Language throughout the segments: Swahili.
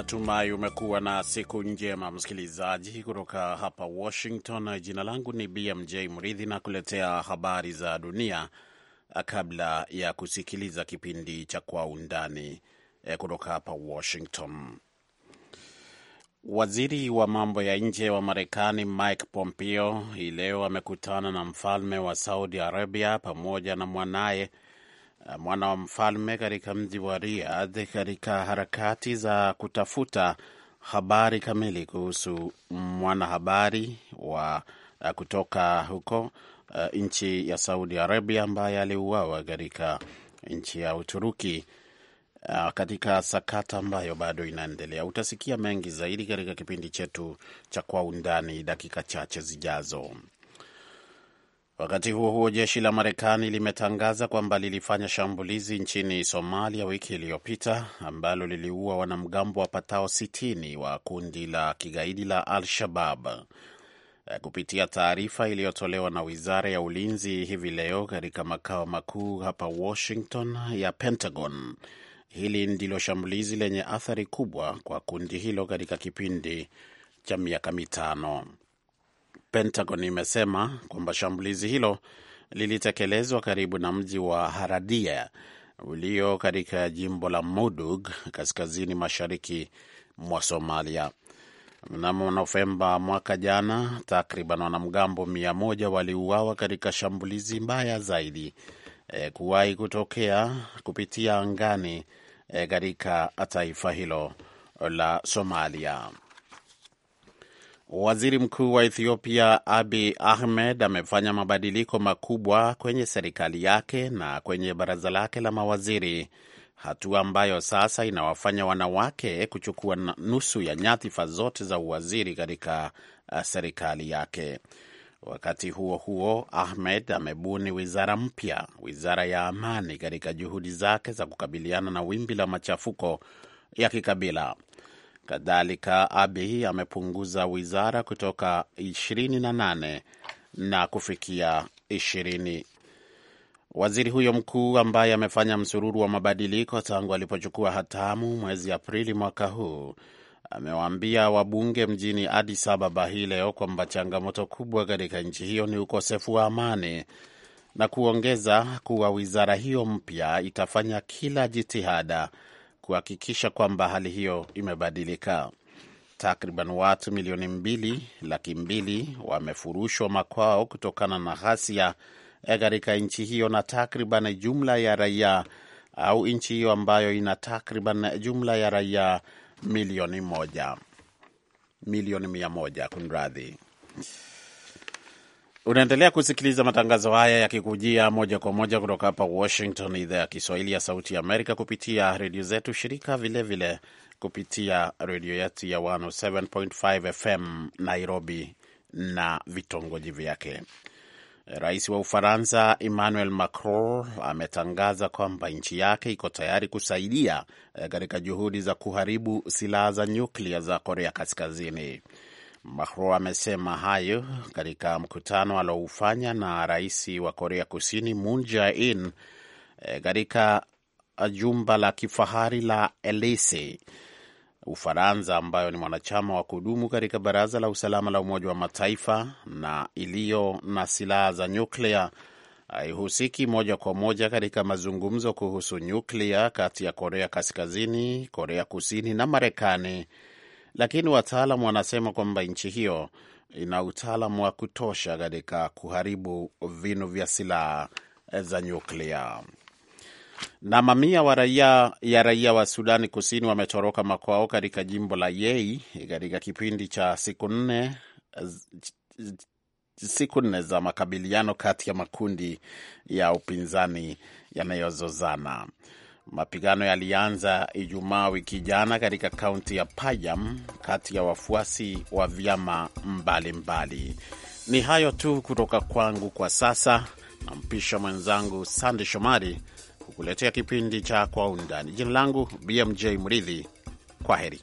Natumai umekuwa na siku njema msikilizaji, kutoka hapa Washington. Jina langu ni BMJ Mridhi na kuletea habari za dunia kabla ya kusikiliza kipindi cha Kwa Undani eh, kutoka hapa Washington. Waziri wa mambo ya nje wa Marekani Mike Pompeo hii leo amekutana na mfalme wa Saudi Arabia pamoja na mwanaye Uh, mwana wa mfalme katika mji wa Riyadh katika harakati za kutafuta habari kamili kuhusu mwanahabari wa uh, kutoka huko uh, nchi ya Saudi Arabia ambaye aliuawa katika nchi ya Uturuki katika sakata ambayo bado inaendelea. Utasikia mengi zaidi katika kipindi chetu cha Kwa Undani dakika chache zijazo. Wakati huo huo, jeshi la Marekani limetangaza kwamba lilifanya shambulizi nchini Somalia wiki iliyopita ambalo liliua wanamgambo wapatao 60 wa kundi la kigaidi la Al-Shabab. Eh, kupitia taarifa iliyotolewa na wizara ya ulinzi hivi leo katika makao makuu hapa Washington ya Pentagon, hili ndilo shambulizi lenye athari kubwa kwa kundi hilo katika kipindi cha miaka mitano. Pentagon imesema kwamba shambulizi hilo lilitekelezwa karibu na mji wa Haradia ulio katika jimbo la Mudug kaskazini mashariki mwa Somalia. Mnamo Novemba mwaka jana, takriban wanamgambo mia moja waliuawa katika shambulizi mbaya zaidi e, kuwahi kutokea kupitia angani e, katika taifa hilo la Somalia. Waziri Mkuu wa Ethiopia abi Ahmed amefanya mabadiliko makubwa kwenye serikali yake na kwenye baraza lake la mawaziri, hatua ambayo sasa inawafanya wanawake kuchukua nusu ya nyadhifa zote za uwaziri katika uh, serikali yake. Wakati huo huo, Ahmed amebuni wizara mpya, wizara ya amani, katika juhudi zake za kukabiliana na wimbi la machafuko ya kikabila. Kadhalika, Abiy amepunguza wizara kutoka 28 na kufikia 20. Waziri huyo mkuu ambaye amefanya msururu wa mabadiliko tangu alipochukua hatamu mwezi Aprili mwaka huu amewaambia wabunge mjini Addis Ababa hii leo kwamba changamoto kubwa katika nchi hiyo ni ukosefu wa amani na kuongeza kuwa wizara hiyo mpya itafanya kila jitihada kuhakikisha kwamba hali hiyo imebadilika. Takriban watu milioni mbili laki mbili wamefurushwa makwao kutokana na ghasia eh, katika nchi hiyo na takriban jumla ya raia au nchi hiyo ambayo ina takriban jumla ya raia milioni moja milioni mia moja kunradhi. Unaendelea kusikiliza matangazo haya yakikujia moja kwa moja kutoka hapa Washington, idhaa ya Kiswahili ya Sauti ya Amerika, kupitia redio zetu shirika, vilevile vile kupitia redio yetu ya 107.5 FM Nairobi na vitongoji vyake. Rais wa Ufaransa Emmanuel Macron ametangaza kwamba nchi yake iko tayari kusaidia eh, katika juhudi za kuharibu silaha za nyuklia za Korea Kaskazini. Macron amesema hayo katika mkutano aloufanya na rais wa Korea Kusini Moon Jae-in eh, katika jumba la kifahari la Elise Ufaransa, ambayo ni mwanachama wa kudumu katika Baraza la Usalama la Umoja wa Mataifa na iliyo na silaha za nyuklia haihusiki moja kwa moja katika mazungumzo kuhusu nyuklia kati ya Korea Kaskazini, Korea Kusini na Marekani lakini wataalamu wanasema kwamba nchi hiyo ina utaalamu wa kutosha katika kuharibu vinu vya silaha eh, za nyuklia. Na mamia wa raia ya raia wa Sudani Kusini wametoroka makwao katika jimbo la Yei katika kipindi cha siku nne siku nne za makabiliano kati ya makundi ya upinzani yanayozozana. Mapigano yalianza Ijumaa wiki jana katika kaunti ya payam kati ya wafuasi wa vyama mbalimbali Ni hayo tu kutoka kwangu kwa sasa, nampisha mwenzangu Sande Shomari kukuletea kipindi cha Kwa Undani. Jina langu BMJ Mridhi, kwa heri.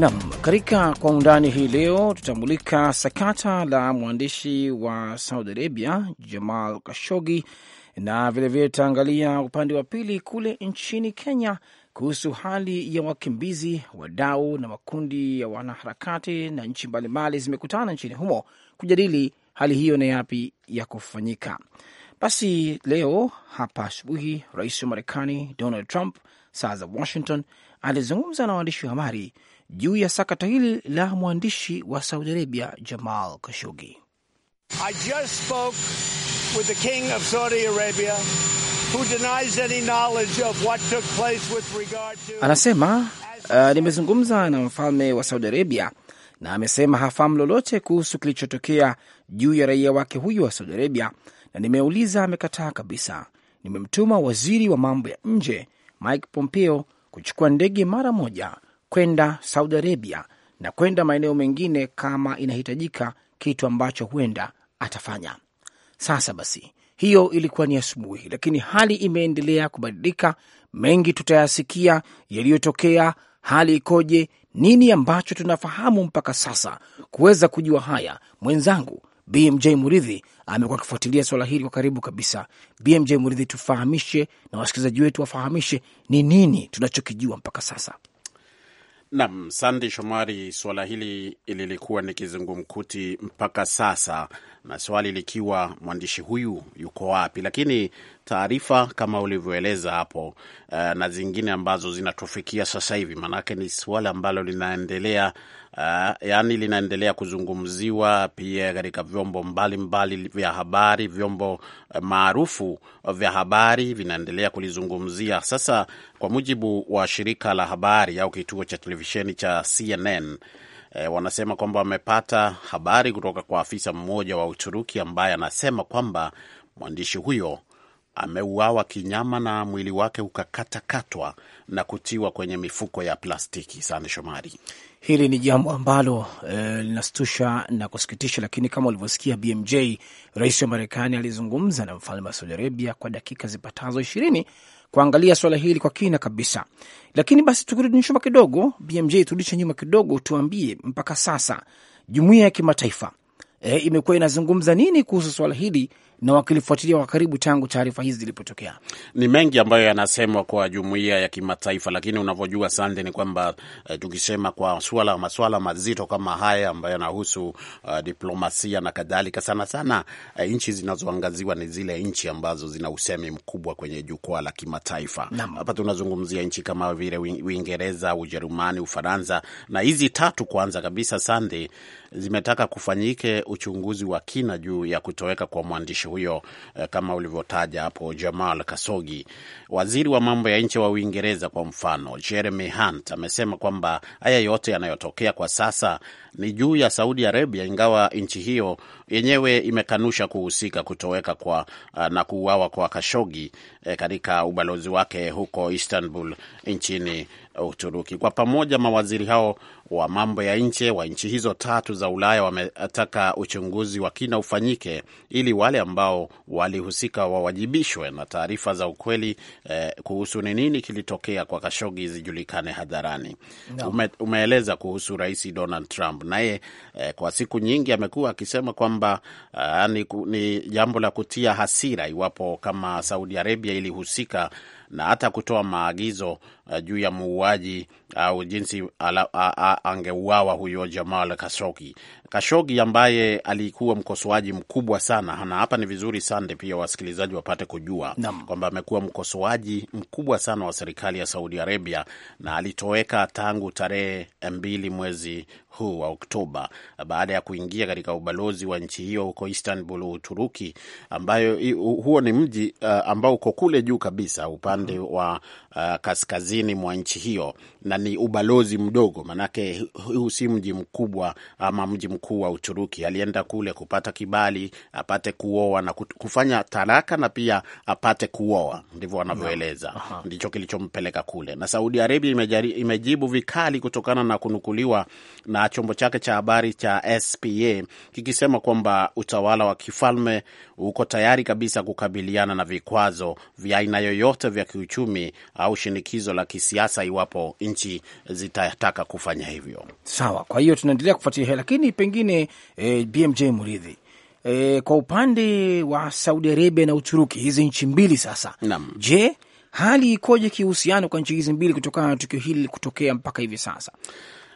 Nam, katika kwa undani hii leo tutamulika sakata la mwandishi wa Saudi Arabia Jamal Kashogi, na vilevile tutaangalia upande wa pili kule nchini Kenya kuhusu hali ya wakimbizi. Wadau na makundi ya wanaharakati na nchi mbalimbali zimekutana nchini humo kujadili hali hiyo na yapi ya kufanyika. Basi leo hapa asubuhi, rais wa Marekani Donald Trump saa za Washington alizungumza na waandishi wa habari juu ya sakata hili la mwandishi wa Saudi Arabia Jamal Khashoggi. I just spoke with the King of Saudi Arabia who denies any knowledge of what took place with regard to... Anasema uh, nimezungumza na mfalme wa Saudi Arabia na amesema hafahamu lolote kuhusu kilichotokea juu ya raia wake huyo wa Saudi Arabia, na nimeuliza, amekataa kabisa. Nimemtuma waziri wa mambo ya nje Mike Pompeo kuchukua ndege mara moja kwenda Saudi Arabia na kwenda maeneo mengine kama inahitajika, kitu ambacho huenda atafanya. Sasa basi, hiyo ilikuwa ni asubuhi, lakini hali imeendelea kubadilika. Mengi tutayasikia yaliyotokea, hali ikoje, nini ambacho tunafahamu mpaka sasa. Kuweza kujua haya, mwenzangu BMJ Muridhi amekuwa akifuatilia swala hili kwa karibu kabisa. BMJ Muridhi, tufahamishe na wasikilizaji wetu wafahamishe ni nini tunachokijua mpaka sasa. Nam Sandi Shomari, suala hili lilikuwa ni kizungumkuti mpaka sasa, na swali likiwa mwandishi huyu yuko wapi? Lakini taarifa kama ulivyoeleza hapo eh, na zingine ambazo zinatufikia sasa hivi, maanake ni suala ambalo linaendelea uh, yani linaendelea kuzungumziwa pia katika vyombo mbalimbali mbali vya habari, vyombo eh, maarufu vya habari vinaendelea kulizungumzia. Sasa kwa mujibu wa shirika la habari au kituo cha televisheni cha CNN E, eh, wanasema kwamba wamepata habari kutoka kwa afisa mmoja wa Uturuki ambaye anasema kwamba mwandishi huyo ameuawa kinyama na mwili wake ukakatakatwa na kutiwa kwenye mifuko ya plastiki. Sande Shomari. Hili ni jambo ambalo eh, linastusha na kusikitisha, lakini kama ulivyosikia BMJ, rais wa Marekani alizungumza na mfalme wa Saudi Arabia kwa dakika zipatazo ishirini kuangalia swala hili kwa kina kabisa. Lakini basi tukirudi nyuma kidogo, BMJ, turudishe nyuma kidogo, tuambie mpaka sasa jumuiya ya kimataifa e, imekuwa inazungumza nini kuhusu swala hili na wakilifuatilia kwa karibu tangu taarifa hizi zilipotokea. Ni mengi ambayo yanasemwa kwa jumuiya ya kimataifa, lakini unavyojua Sande ni kwamba eh, tukisema kwa swala maswala mazito kama haya ambayo yanahusu uh, diplomasia na kadhalika, sana sana eh, nchi zinazoangaziwa ni zile nchi ambazo zina usemi mkubwa kwenye jukwaa la kimataifa. Hapa tunazungumzia nchi kama vile Uingereza, Ujerumani, Ufaransa na hizi tatu kwanza kabisa Sande zimetaka kufanyike uchunguzi wa kina juu ya kutoweka kwa mwandishi huyo eh, kama ulivyotaja hapo Jamal Kasogi. Waziri wa mambo ya nje wa Uingereza kwa mfano, Jeremy Hunt amesema kwamba haya yote yanayotokea kwa sasa ni juu ya Saudi Arabia, ingawa nchi hiyo yenyewe imekanusha kuhusika kutoweka kwa uh, na kuuawa kwa Kashogi e, eh, katika ubalozi wake huko Istanbul nchini Uturuki. Kwa pamoja mawaziri hao wa mambo ya nje wa nchi hizo tatu za Ulaya wametaka uchunguzi wa kina ufanyike ili wale ambao walihusika wawajibishwe na taarifa za ukweli eh, kuhusu ni nini kilitokea kwa Kashogi zijulikane hadharani. No. Ume, umeeleza kuhusu Rais Donald Trump Trump naye eh, kwa siku nyingi amekuwa akisema kwamba uh, ni, ni jambo la kutia hasira iwapo kama Saudi Arabia ilihusika na hata kutoa maagizo Eh, juu ya muuaji eh, au jinsi angeuawa huyo Jamal Kashogi. Kashogi ambaye alikuwa mkosoaji mkubwa sana, na hapa ni vizuri sande pia wasikilizaji wapate kujua kwamba amekuwa mkosoaji mkubwa sana wa serikali ya Saudi Arabia na alitoweka tangu tarehe mbili mwezi huu wa Oktoba baada ya kuingia katika ubalozi wa nchi hiyo huko Istanbul, Uturuki, ambayo huo ni mji uh, ambao uko kule juu kabisa upande mhm. wa Uh, kaskazini mwa nchi hiyo na ni ubalozi mdogo, manake huu si mji mkubwa ama mji mkuu wa Uturuki. Alienda kule kupata kibali, apate kuoa na kufanya taraka na pia apate kuoa, ndivyo wanavyoeleza. Ndicho kilichompeleka kule. Na Saudi Arabia imejari, imejibu vikali kutokana na kunukuliwa na chombo chake cha habari cha SPA kikisema kwamba utawala wa kifalme uko tayari kabisa kukabiliana na vikwazo vya aina yoyote vya kiuchumi au shinikizo la kisiasa iwapo nchi zitataka kufanya hivyo. Sawa, kwa hiyo tunaendelea kufuatilia, lakini pengine e, BMJ Muridhi, e, kwa upande wa Saudi Arabia na Uturuki, hizi nchi mbili sasa Nam. Je, hali ikoje kihusiano kwa nchi hizi mbili kutokana na tukio hili kutokea mpaka hivi sasa?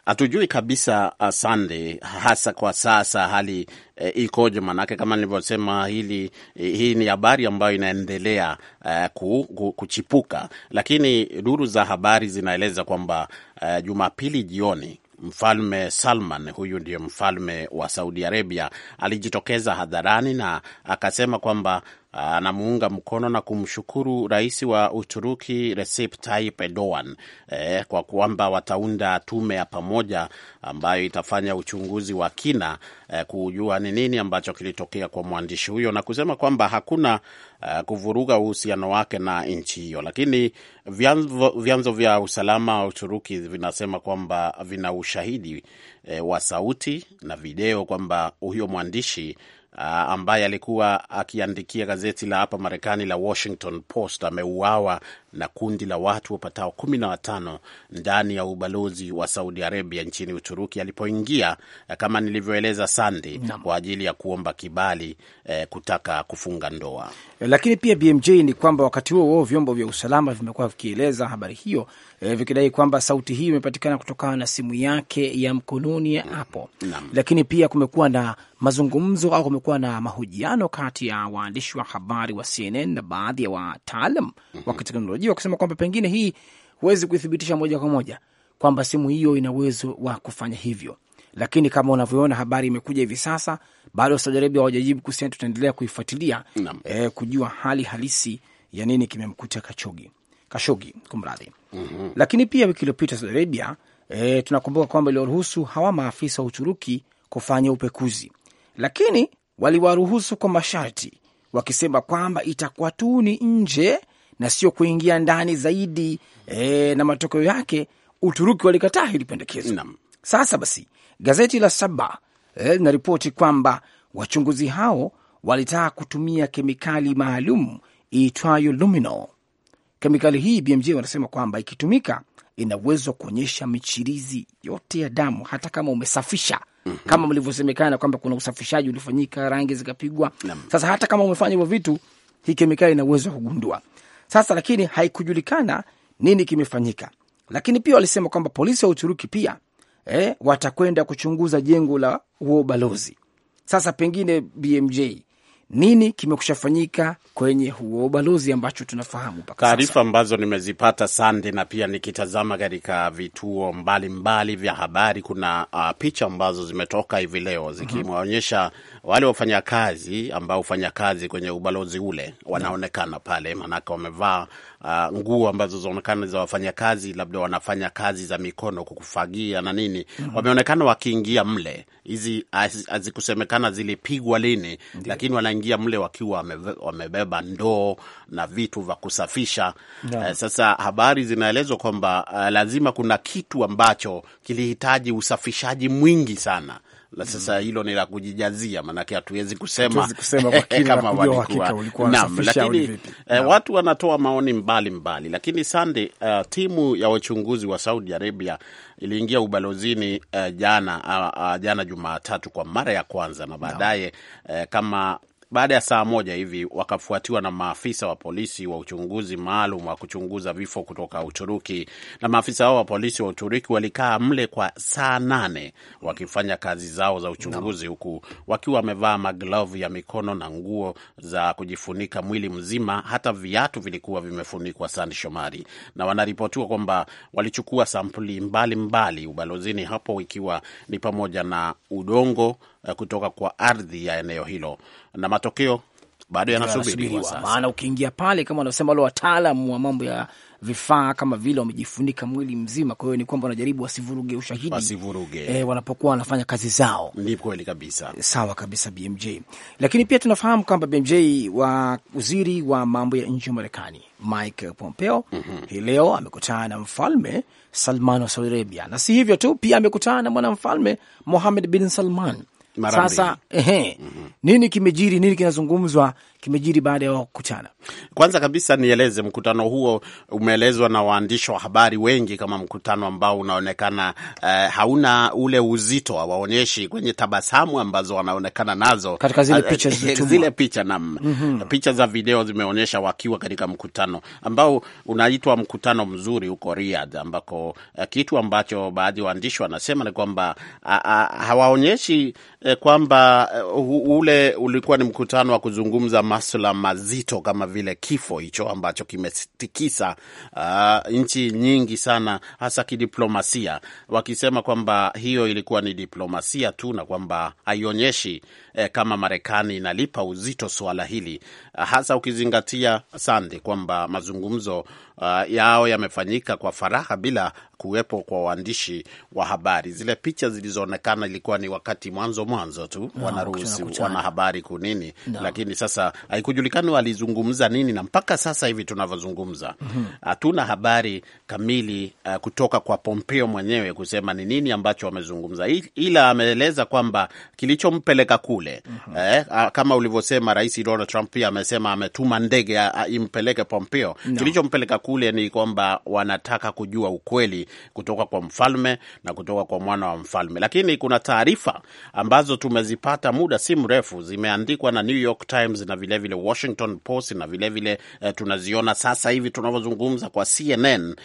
hatujui kabisa uh, Sande, hasa kwa sasa hali e, ikoje? Manake kama nilivyosema, hili uh, hii ni habari ambayo inaendelea e, ku, ku, kuchipuka, lakini duru za habari zinaeleza kwamba e, Jumapili jioni Mfalme Salman, huyu ndiye mfalme wa Saudi Arabia, alijitokeza hadharani na akasema kwamba anamuunga mkono na kumshukuru rais wa Uturuki Recep Tayyip Erdogan eh, kwa kwamba wataunda tume ya pamoja ambayo itafanya uchunguzi wa kina eh, kujua ni nini ambacho kilitokea kwa mwandishi huyo, na kusema kwamba hakuna eh, kuvuruga uhusiano wake na nchi hiyo. Lakini vyanzo, vyanzo vya usalama wa Uturuki vinasema kwamba vina ushahidi eh, wa sauti na video kwamba huyo mwandishi uh, ambaye alikuwa akiandikia gazeti la hapa Marekani la Washington Post ameuawa na kundi la watu wapatao kumi na watano ndani ya ubalozi wa Saudi Arabia nchini Uturuki alipoingia eh, kama nilivyoeleza Sandi mm. kwa ajili ya kuomba kibali eh, kutaka kufunga ndoa. Lakini pia BMJ ni kwamba wakati huo huo vyombo vya usalama vimekuwa vikieleza habari hiyo eh, vikidai kwamba sauti hii imepatikana kutokana na simu yake ya mkononi ya mm. Apple mm. lakini pia kumekuwa na mazungumzo au kumekuwa na mahojiano kati ya waandishi wa habari wa CNN na baadhi ya wataalam mm -hmm. wa mm-hmm. kiteknolojia wanatarajiwa kusema kwamba pengine hii huwezi kuithibitisha moja kwa moja kwamba simu hiyo ina uwezo wa kufanya hivyo, lakini kama unavyoona habari imekuja hivi sasa, bado Saudi Arabia hawajajibu kuhusiana. Tutaendelea kuifuatilia eh, kujua hali halisi ya nini kimemkuta Kachogi Kashogi, kumradhi. mm -hmm. Lakini pia wiki iliyopita Saudi Arabia eh, tunakumbuka kwamba iliwaruhusu hawa maafisa wa Uturuki kufanya upekuzi, lakini waliwaruhusu kwa masharti, wakisema kwamba itakuwa tu ni nje na sio kuingia ndani zaidi e, na matokeo yake Uturuki walikataa hili pendekezo. Sasa basi gazeti la Saba linaripoti e, kwamba wachunguzi hao walitaka kutumia kemikali maalum iitwayo luminol. Kemikali hii BMJ wanasema kwamba ikitumika ina uwezo wa kuonyesha michirizi yote ya damu hata kama umesafisha mhm. Kama mlivyosemekana kwamba kuna usafishaji ulifanyika, rangi zikapigwa. Sasa hata kama umefanya hivyo vitu, hii kemikali ina uwezo wa kugundua. Sasa lakini haikujulikana nini kimefanyika, lakini pia walisema kwamba polisi wa Uturuki pia eh, watakwenda kuchunguza jengo la huo balozi. Sasa pengine BMJ nini kimekushafanyika kwenye huo ubalozi ambacho tunafahamu mpaka taarifa ambazo nimezipata sande, na pia nikitazama katika vituo mbalimbali mbali vya habari, kuna uh, picha ambazo zimetoka hivi leo mhm. zikimwonyesha mm -hmm. wale wafanyakazi ambao hufanya kazi kwenye ubalozi ule wanaonekana pale, maanake wamevaa uh, nguo ambazo zinaonekana za wafanyakazi, labda wanafanya kazi za mikono, kukufagia na nini mm -hmm. wameonekana wakiingia mle, hizi hazikusemekana zilipigwa lini Ndiyo. lakini wanaingia mle wakiwa wamebeba ndoo na vitu vya kusafisha uh, sasa habari zinaelezwa kwamba uh, lazima kuna kitu ambacho kilihitaji usafishaji mwingi sana la sasa mm. hilo ni la kujijazia, maanake hatuwezi kusema, kusema eh, kama walikuwa lakini eh, watu wanatoa maoni mbalimbali mbali. Lakini sande, uh, timu ya wachunguzi wa Saudi Arabia iliingia ubalozini uh, jana uh, uh, jana Jumatatu kwa mara ya kwanza na baadaye uh, kama baada ya saa moja hivi wakafuatiwa na maafisa wa polisi wa uchunguzi maalum wa kuchunguza vifo kutoka Uturuki. Na maafisa hao wa polisi wa Uturuki walikaa mle kwa saa nane wakifanya kazi zao za uchunguzi, huku wakiwa wamevaa maglovu ya mikono na nguo za kujifunika mwili mzima. Hata viatu vilikuwa vimefunikwa. Sandi Shomari, na wanaripotiwa kwamba walichukua sampuli mbalimbali mbali ubalozini hapo, ikiwa ni pamoja na udongo Eh, kutoka kwa ardhi ya eneo hilo, na matokeo bado yanasubiriwa. Maana ukiingia pale, kama wanavyosema wale wataalam wa mambo ya vifaa kama vile wamejifunika mwili mzima. Kwa hiyo ni kwamba wanajaribu wasivuruge ushahidi, wasivuruge e, wanapokuwa wanafanya kazi zao. Ni kweli kabisa, sawa kabisa BMJ. Lakini pia tunafahamu kwamba BMJ wa waziri wa mambo ya nje wa Marekani Mike Pompeo mm -hmm. hii leo amekutana na mfalme Salman wa Saudi Arabia, na si hivyo tu, pia amekutana na mwanamfalme Mohamed bin Salman mm sasa ehe, mm -hmm. Nini kimejiri? Nini kinazungumzwa kimejiri baada ya wao kukutana. Kwanza kabisa nieleze, mkutano huo umeelezwa na waandishi wa habari wengi kama mkutano ambao unaonekana eh, hauna ule uzito, hawaonyeshi kwenye tabasamu ambazo wanaonekana nazo katika zile eh, picha eh, zile picha na mm -hmm. picha za video zimeonyesha wakiwa katika mkutano ambao unaitwa mkutano mzuri huko Riyadh, ambako eh, kitu ambacho baadhi ya waandishi wanasema ni kwamba hawaonyeshi eh, kwamba uh, ule ulikuwa ni mkutano wa kuzungumza maswala mazito kama vile kifo hicho ambacho kimetikisa uh, nchi nyingi sana, hasa kidiplomasia, wakisema kwamba hiyo ilikuwa ni diplomasia tu na kwamba haionyeshi eh, kama Marekani inalipa uzito suala hili, hasa ukizingatia sande kwamba mazungumzo uh, yao yamefanyika kwa faraha bila kuwepo kwa waandishi wa habari. Zile picha zilizoonekana ilikuwa ni wakati mwanzo mwanzo tu no, wanaruhusu wanahabari kunini no. Lakini sasa haikujulikani walizungumza nini, na mpaka sasa hivi tunavyozungumza mhm. hatuna mm -hmm. habari kamili uh, kutoka kwa Pompeo mwenyewe kusema ni nini ambacho wamezungumza, ila ameeleza kwamba kilichompeleka kule kule mm -hmm. Eh, kama ulivyosema Rais Donald Trump pia amesema ametuma ndege impeleke Pompeo no. Kilichompeleka kule ni kwamba wanataka kujua ukweli kutoka kwa mfalme na kutoka kwa mwana wa mfalme, lakini kuna taarifa ambazo tumezipata muda si mrefu, zimeandikwa na New York Times na vilevile Washington Post na vilevile vile, eh, tunaziona sasa hivi tunavyozungumza kwa CNN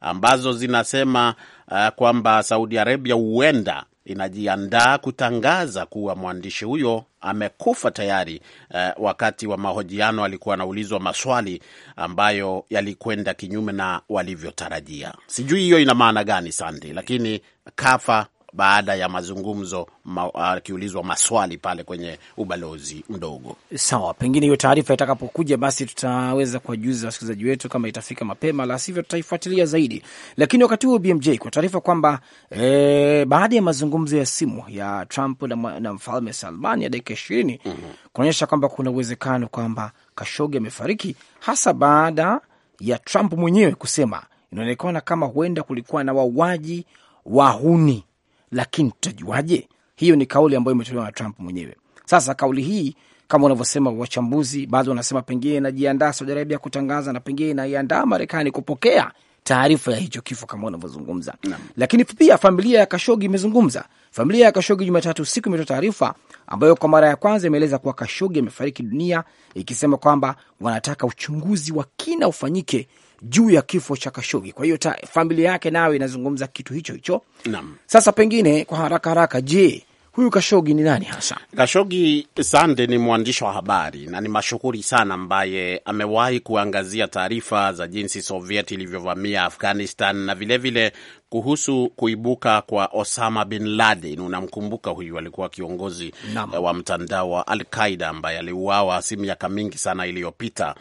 ambazo zinasema uh, kwamba Saudi Arabia huenda inajiandaa kutangaza kuwa mwandishi huyo amekufa tayari. Eh, wakati wa mahojiano alikuwa anaulizwa maswali ambayo yalikwenda kinyume na walivyotarajia. Sijui hiyo ina maana gani Sandi, lakini kafa baada ya mazungumzo akiulizwa ma, uh, maswali pale kwenye ubalozi mdogo. Sawa, pengine hiyo taarifa itakapokuja basi tutaweza kuwajuza wasikilizaji wetu kama itafika mapema, la sivyo tutaifuatilia zaidi. Lakini wakati huo BMJ, kwa taarifa kwamba e, baada ya mazungumzo ya simu ya Trump na, na mfalme Salman ya dakika ishirini mm -hmm. kunaonyesha kwamba kuna uwezekano kwamba Kashogi amefariki hasa baada ya Trump mwenyewe kusema inaonekana kama huenda kulikuwa na wauaji wahuni lakini tutajuaje? Hiyo ni kauli ambayo imetolewa na Trump mwenyewe. Sasa kauli hii kama unavyosema wachambuzi, baadhi wanasema pengine inajiandaa Saudi Arabia kutangaza na pengine inaiandaa Marekani kupokea taarifa ya hicho kifo kama unavyozungumza, lakini pia familia ya Kashogi imezungumza Familia ya Kashogi Jumatatu usiku imetoa taarifa ambayo kwa mara ya kwanza imeeleza kuwa Kashogi amefariki dunia, ikisema kwamba wanataka uchunguzi wa kina ufanyike juu ya kifo cha Kashogi. Kwa hiyo familia yake nayo inazungumza kitu hicho hicho. Naam. Sasa pengine kwa haraka haraka, je, huyu Kashogi ni nani hasa? Kashogi Sande ni mwandishi wa habari na ni mashuhuri sana, ambaye amewahi kuangazia taarifa za jinsi Soviet ilivyovamia Afghanistan na vilevile kuhusu kuibuka kwa Osama bin Laden. Unamkumbuka huyu, alikuwa kiongozi Nama. Eh, wa mtandao wa Al Qaida ambaye aliuawa si miaka mingi sana iliyopita.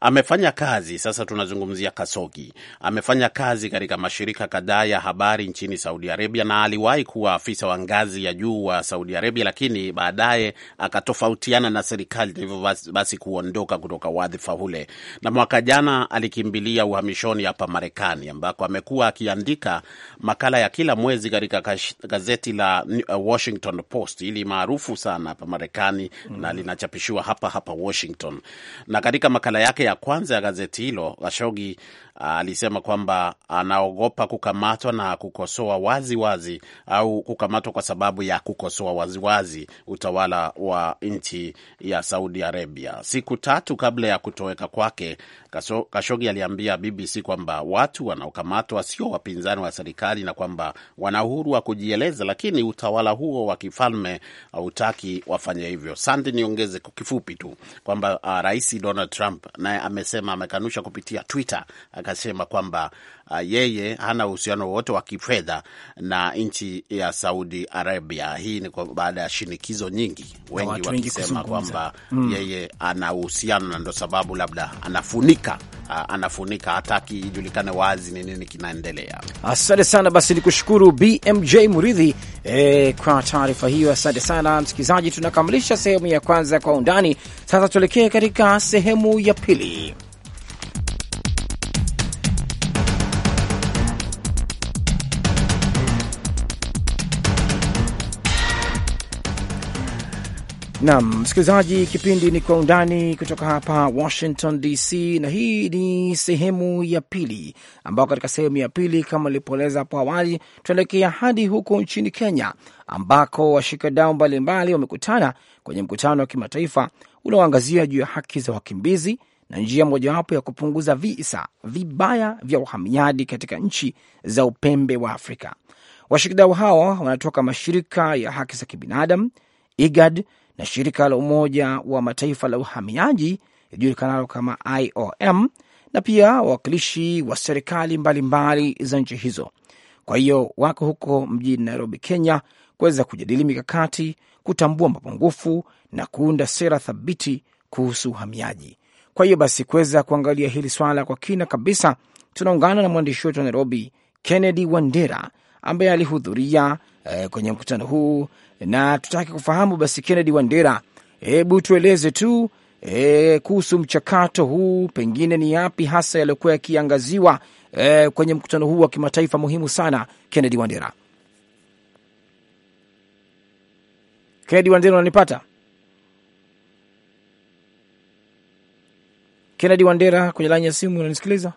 Amefanya kazi sasa, tunazungumzia Kasogi, amefanya kazi katika mashirika kadhaa ya habari nchini Saudi Arabia na aliwahi kuwa afisa wa ngazi ya juu wa Saudi Arabia, lakini baadaye akatofautiana na serikali, hivyo basi kuondoka kutoka wadhifa ule, na mwaka jana alikimbilia uhamishoni hapa Marekani ambako amekuwa akiandika makala ya kila mwezi katika gazeti la uh, Washington Post, ili maarufu sana hapa Marekani mm. na linachapishiwa hapa hapa Washington. Na katika makala yake ya kwanza ya gazeti hilo, Gashogi alisema kwamba anaogopa kukamatwa na kukosoa waziwazi wazi, au kukamatwa kwa sababu ya kukosoa waziwazi utawala wa nchi ya Saudi Arabia. Siku tatu kabla ya kutoweka kwake, Kashogi aliambia BBC kwamba watu wanaokamatwa sio wapinzani wa serikali na kwamba wana uhuru wa kujieleza, lakini utawala huo wa kifalme hautaki wafanye hivyo. Sandi, niongeze kwa kifupi tu kwamba uh, Rais Donald Trump naye amesema amekanusha kupitia Twitter akasema kwamba uh, yeye hana uhusiano wowote wa kifedha na nchi ya Saudi Arabia. Hii ni baada ya shinikizo nyingi, wengi wakisema kwamba mm, yeye ana uhusiano na ndo sababu labda anafunika uh, anafunika, hataki ijulikane wazi ni nini kinaendelea. Asante sana, basi ni kushukuru BMJ Muridhi eh, kwa taarifa hiyo. Asante sana msikilizaji, tunakamilisha sehemu ya kwanza kwa undani. Sasa tuelekee katika sehemu ya pili. Nam msikilizaji, kipindi ni Kwa Undani kutoka hapa Washington DC, na hii ni sehemu ya pili, ambapo katika sehemu ya pili kama ilipoeleza hapo awali, tunaelekea hadi huko nchini Kenya, ambako washikadau mbalimbali wamekutana kwenye mkutano wa kimataifa unaoangazia juu ya haki za wakimbizi na njia mojawapo ya kupunguza visa vibaya vya uhamiaji katika nchi za upembe wa Afrika. Washikadau hawa wanatoka mashirika ya haki za kibinadamu IGAD na shirika la Umoja wa Mataifa la uhamiaji lijulikanalo kama IOM na pia wawakilishi wa serikali mbalimbali za nchi hizo. Kwa hiyo wako huko mjini Nairobi, Kenya, kuweza kujadili mikakati, kutambua mapungufu na kuunda sera thabiti kuhusu uhamiaji. Kwa hiyo basi, kuweza kuangalia hili swala kwa kina kabisa, tunaungana na mwandishi wetu wa Nairobi, Kennedy Wandera ambaye alihudhuria eh, kwenye mkutano huu na tutake kufahamu basi, Kennedy Wandera, hebu tueleze tu e, kuhusu mchakato huu, pengine ni yapi hasa yaliyokuwa yakiangaziwa e, kwenye mkutano huu wa kimataifa muhimu sana. Kennedy Wandera, Kennedy Wandera, unanipata? Kennedy Wandera kwenye laini ya simu, unanisikiliza?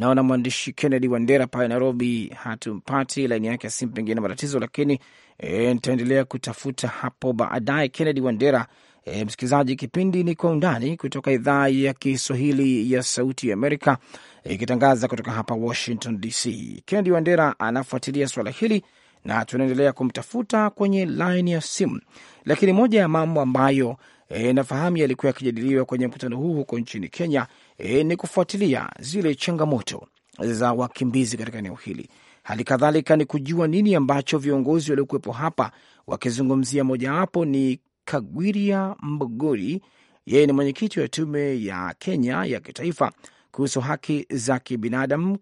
Naona mwandishi Kennedy Wandera pale Nairobi hatumpati, laini yake ya simu pengine matatizo, lakini e, nitaendelea kutafuta hapo baadaye. Kennedy Wandera. E, msikilizaji, kipindi ni Kwa Undani kutoka idhaa ya Kiswahili ya Sauti ya Amerika ikitangaza e, kutoka hapa Washington DC. Kennedy Wandera anafuatilia swala hili na tunaendelea kumtafuta kwenye laini ya simu, lakini moja ya mambo ambayo e, nafahamu yalikuwa yakijadiliwa kwenye mkutano huu huko nchini Kenya e, ni kufuatilia zile changamoto za wakimbizi katika eneo hili. Hali kadhalika ni kujua nini ambacho viongozi waliokuwepo hapa wakizungumzia. Mojawapo ni Kagwiria Mbogori, yeye ni mwenyekiti wa tume ya Kenya ya kitaifa kuhusu haki za kibinadamu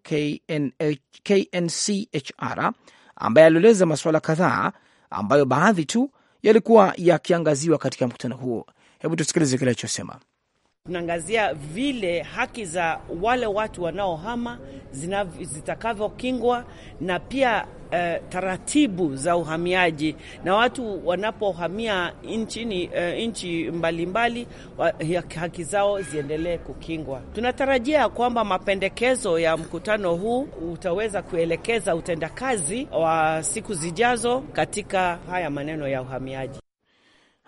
KNCHR, ambaye alieleza masuala kadhaa ambayo baadhi tu yalikuwa yakiangaziwa katika mkutano huo, Hebu tusikilize kile alichosema. Tunaangazia vile haki za wale watu wanaohama zitakavyokingwa na pia uh, taratibu za uhamiaji na watu wanapohamia nchini uh, nchi mbalimbali haki zao ziendelee kukingwa. Tunatarajia kwamba mapendekezo ya mkutano huu utaweza kuelekeza utendakazi wa siku zijazo katika haya maneno ya uhamiaji.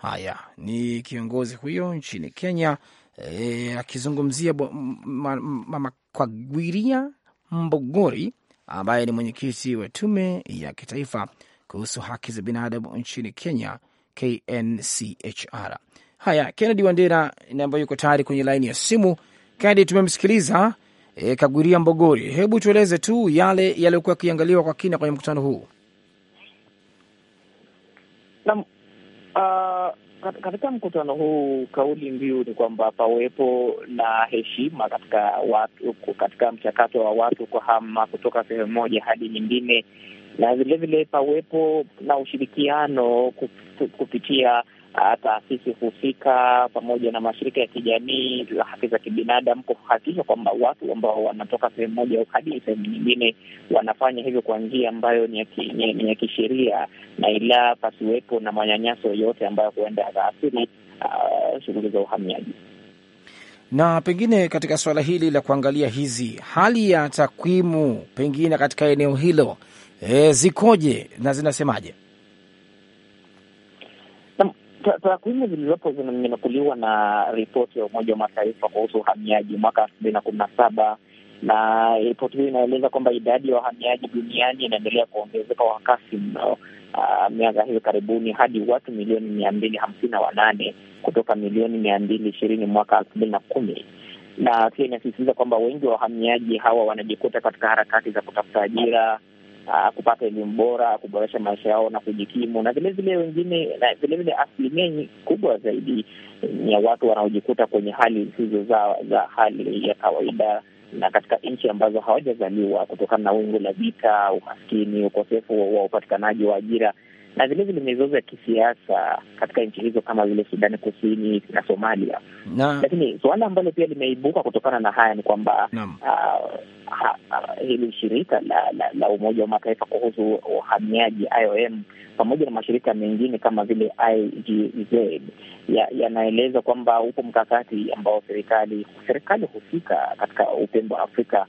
Haya ni kiongozi huyo nchini Kenya e, akizungumzia mama Kagwiria Mbogori ambaye ni mwenyekiti wa tume ya kitaifa kuhusu haki za binadamu nchini Kenya, KNCHR. Haya, Kennedy Wandera ambayo yuko tayari kwenye laini ya simu. Kennedy, tumemsikiliza e, Kagwiria Mbogori, hebu tueleze tu yale yaliyokuwa yakiangaliwa kwa kina kwenye mkutano huu. Ah, katika mkutano huu kauli mbiu ni kwamba pawepo na heshima katika watu, katika mchakato wa watu kuhama kutoka sehemu moja hadi nyingine na vilevile pawepo na ushirikiano kupitia ah, taasisi husika pamoja na mashirika ya kijamii la haki za kibinadamu kuhakikisha kwamba watu ambao wanatoka sehemu moja hadi sehemu nyingine wanafanya hivyo kwa njia ambayo ni ya kisheria, na ila pasiwepo na manyanyaso yoyote ambayo huenda yakaathiri uh, ah, shughuli za uhamiaji. Na pengine katika suala hili la kuangalia hizi hali ya takwimu, pengine katika eneo hilo e, zikoje na zinasemaje? Takwimu zilizopo zimenukuliwa na ripoti ya Umoja wa Mataifa kuhusu uhamiaji mwaka elfu mbili na kumi na saba na ripoti hiyo inaeleza kwamba idadi ya wahamiaji duniani inaendelea kuongezeka kwa kasi mno miaka hivi karibuni hadi watu milioni mia mbili hamsini na wanane kutoka milioni mia mbili ishirini mwaka elfu mbili na kumi na pia inasisitiza kwamba wengi wa wahamiaji hawa wanajikuta katika harakati za kutafuta ajira uh, kupata elimu bora, kuboresha maisha yao na kujikimu, na vilevile wengine, na vilevile asilimia kubwa zaidi ya watu wanaojikuta kwenye hali zisizo za, za hali ya kawaida na katika nchi ambazo hawajazaliwa kutokana na wingu la vita, umaskini, ukosefu wa upatikanaji wa ajira na vilevile mizozo ya kisiasa katika nchi hizo kama vile Sudani Kusini na Somalia na... lakini suala ambalo pia limeibuka kutokana na haya ni kwamba ah, ah, hili shirika la, la, la Umoja wa Mataifa kuhusu uhamiaji IOM pamoja na mashirika mengine kama vile IGZ yanaeleza ya kwamba upo mkakati ambao serikali serikali husika katika upembo wa Afrika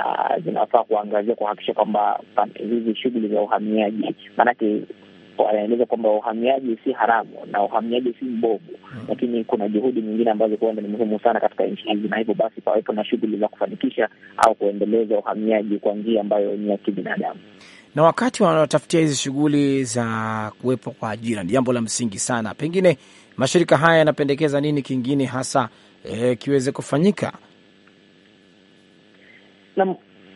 uh, zinafaa kuangazia kuhakikisha kwamba hizi shughuli za uhamiaji maanake wanaeleza kwamba uhamiaji si haramu na uhamiaji si mbovu, hmm. lakini kuna juhudi nyingine ambazo huenda ni muhimu sana katika nchi hizi, na hivyo basi pawepo na shughuli za kufanikisha au kuendeleza uhamiaji kwa njia ambayo ni ya kibinadamu na wakati wanaotafutia hizi shughuli za kuwepo kwa ajira ni jambo la msingi sana. Pengine mashirika haya yanapendekeza nini kingine hasa e, kiweze kufanyika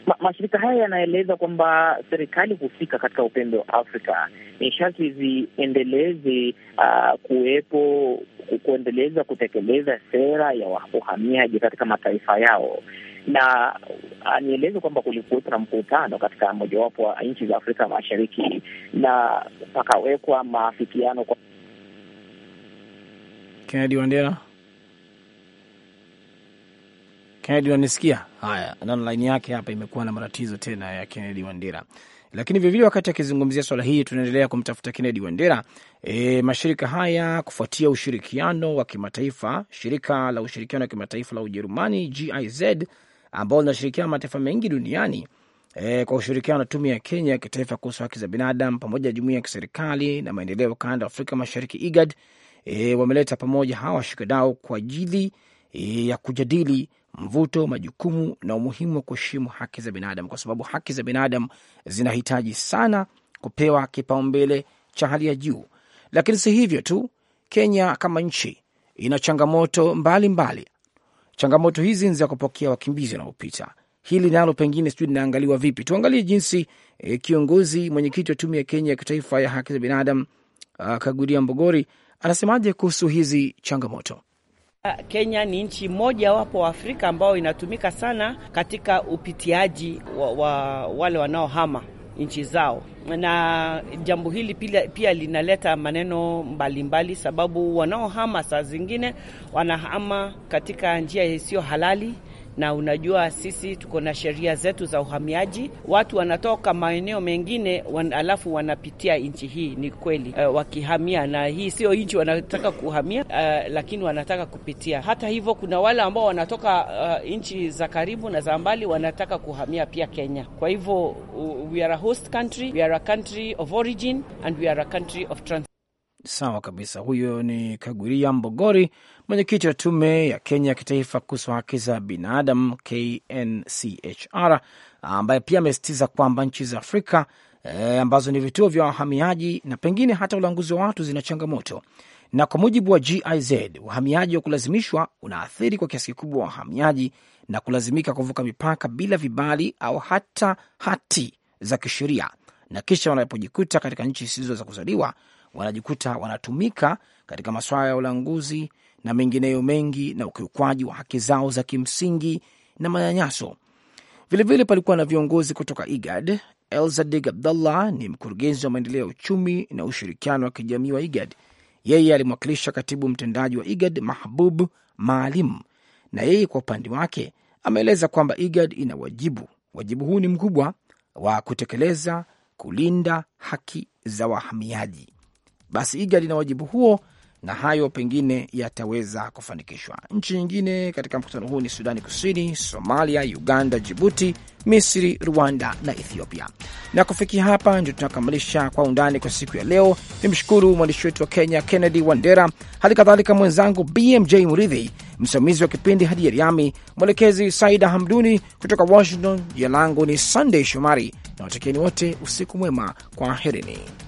Ma, mashirika haya yanaeleza kwamba serikali husika katika upembe wa Afrika ni sharti ziendeleze uh, kuwepo kuendeleza kutekeleza sera ya uhamiaji katika mataifa yao na anieleza uh, kwamba kulikuwepo na mkutano katika mojawapo wa nchi za Afrika Mashariki na pakawekwa maafikiano kwa Kennedy Wandera. Kennedy unanisikia? Haya, naona line yake hapa imekuwa na matatizo tena ya Kennedy Wandera. Lakini vivyo wakati akizungumzia swala hili, tunaendelea kumtafuta Kennedy Wandera. E, mashirika haya kufuatia ushirikiano wa kimataifa, shirika la ushirikiano wa kimataifa la Ujerumani GIZ ambao linashirikiana mataifa mengi duniani e, kwa ushirikiano na tume ya Kenya ya kitaifa kuhusu haki za binadamu pamoja na jumuiya ya kiserikali na maendeleo kanda Afrika Mashariki IGAD, e, wameleta pamoja hawa washikadau kwa ajili e, ya kujadili mvuto, majukumu na umuhimu wa kuheshimu haki za binadamu, kwa sababu haki za binadamu zinahitaji sana kupewa kipaumbele cha hali ya juu. Lakini si hivyo tu, Kenya kama nchi ina changamoto mbalimbali mbali. Changamoto hizi ni za kupokea wakimbizi wanaopita. Hili nalo pengine sijui linaangaliwa vipi. Tuangalie jinsi e, kiongozi mwenyekiti wa tume ya Kenya ya kitaifa ya haki za binadamu ah, Kaguria Mbogori anasemaje kuhusu hizi changamoto. Ah, Kenya ni nchi moja wapo wa Afrika ambao inatumika sana katika upitiaji wa, wa wale wanaohama nchi zao, na jambo hili pia, pia linaleta maneno mbalimbali mbali, sababu wanaohama saa zingine wanahama katika njia isiyo halali na unajua sisi tuko na sheria zetu za uhamiaji. Watu wanatoka maeneo mengine wan, alafu wanapitia nchi hii, ni kweli uh, wakihamia, na hii sio nchi wanataka kuhamia uh, lakini wanataka kupitia. Hata hivyo, kuna wale ambao wanatoka uh, nchi za karibu na za mbali wanataka kuhamia pia Kenya. Kwa hivyo we are a host country, we are a country of origin and we are a country of Sawa kabisa. Huyo ni Kaguria Mbogori, mwenyekiti wa tume ya Kenya ya kitaifa kuhusu haki za binadamu KNCHR, ambaye pia amesitiza kwamba nchi za Afrika e, ambazo ni vituo vya wahamiaji na pengine hata ulanguzi wa watu zina changamoto, na kwa mujibu wa GIZ uhamiaji wa kulazimishwa unaathiri kwa kiasi kikubwa wahamiaji na kulazimika kuvuka mipaka bila vibali au hata hati za kisheria, na kisha wanapojikuta katika nchi zisizo za kuzaliwa wanajikuta wanatumika katika masuala ya ulanguzi na mengineyo mengi na ukiukwaji wa haki zao za kimsingi na manyanyaso. Vilevile palikuwa na viongozi kutoka IGAD. Elzadig abdullah ni mkurugenzi wa maendeleo ya uchumi na ushirikiano wa kijamii wa IGAD. Yeye alimwakilisha katibu mtendaji wa IGAD Mahbub Maalim, na yeye kwa upande wake ameeleza kwamba IGAD ina wajibu, wajibu huu ni mkubwa wa kutekeleza kulinda haki za wahamiaji basi IGAD ina wajibu huo na hayo pengine yataweza kufanikishwa. Nchi nyingine katika mkutano huu ni Sudani Kusini, Somalia, Uganda, Jibuti, Misri, Rwanda na Ethiopia. Na kufikia hapa ndio tunakamilisha Kwa Undani kwa siku ya leo. ni mshukuru mwandishi wetu wa Kenya Kennedy Wandera, hali kadhalika mwenzangu BMJ Muridhi, msimamizi wa kipindi Hadi Yariami, mwelekezi Saida Hamduni kutoka Washington. Jina langu ni Sunday Shomari na watakieni wote usiku mwema, kwa herini.